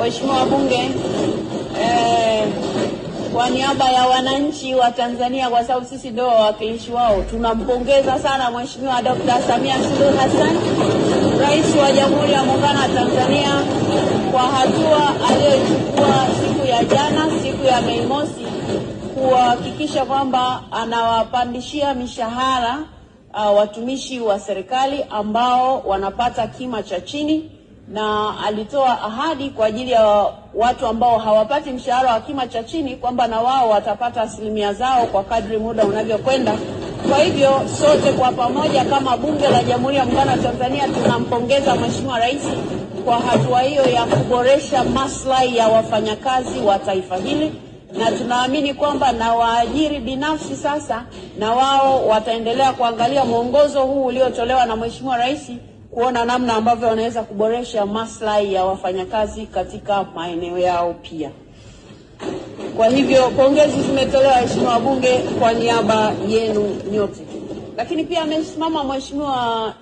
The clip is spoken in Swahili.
Waheshimiwa wabunge, eh, kwa niaba ya wananchi wa Tanzania, kwa sababu sisi ndio wawakilishi wao, tunampongeza sana Mheshimiwa Dkt. Samia Suluhu Hassan, Rais wa Jamhuri ya Muungano wa Tanzania kwa hatua aliyochukua siku ya jana, siku ya Mei Mosi, kuhakikisha kwamba anawapandishia mishahara uh, watumishi wa serikali ambao wanapata kima cha chini na alitoa ahadi kwa ajili ya watu ambao hawapati mshahara wa kima cha chini kwamba na wao watapata asilimia zao kwa kadri muda unavyokwenda. Kwa hivyo sote kwa pamoja kama Bunge la Jamhuri ya Muungano wa Tanzania tunampongeza Mheshimiwa Rais kwa hatua hiyo ya kuboresha maslahi ya wafanyakazi wa taifa hili, na tunaamini kwamba na waajiri binafsi sasa na wao wataendelea kuangalia mwongozo huu uliotolewa na Mheshimiwa Rais kuona namna ambavyo wanaweza kuboresha maslahi ya wafanyakazi katika maeneo yao pia. Kwa hivyo pongezi zimetolewa waheshimiwa wabunge, kwa niaba yenu nyote, lakini pia amesimama mheshimiwa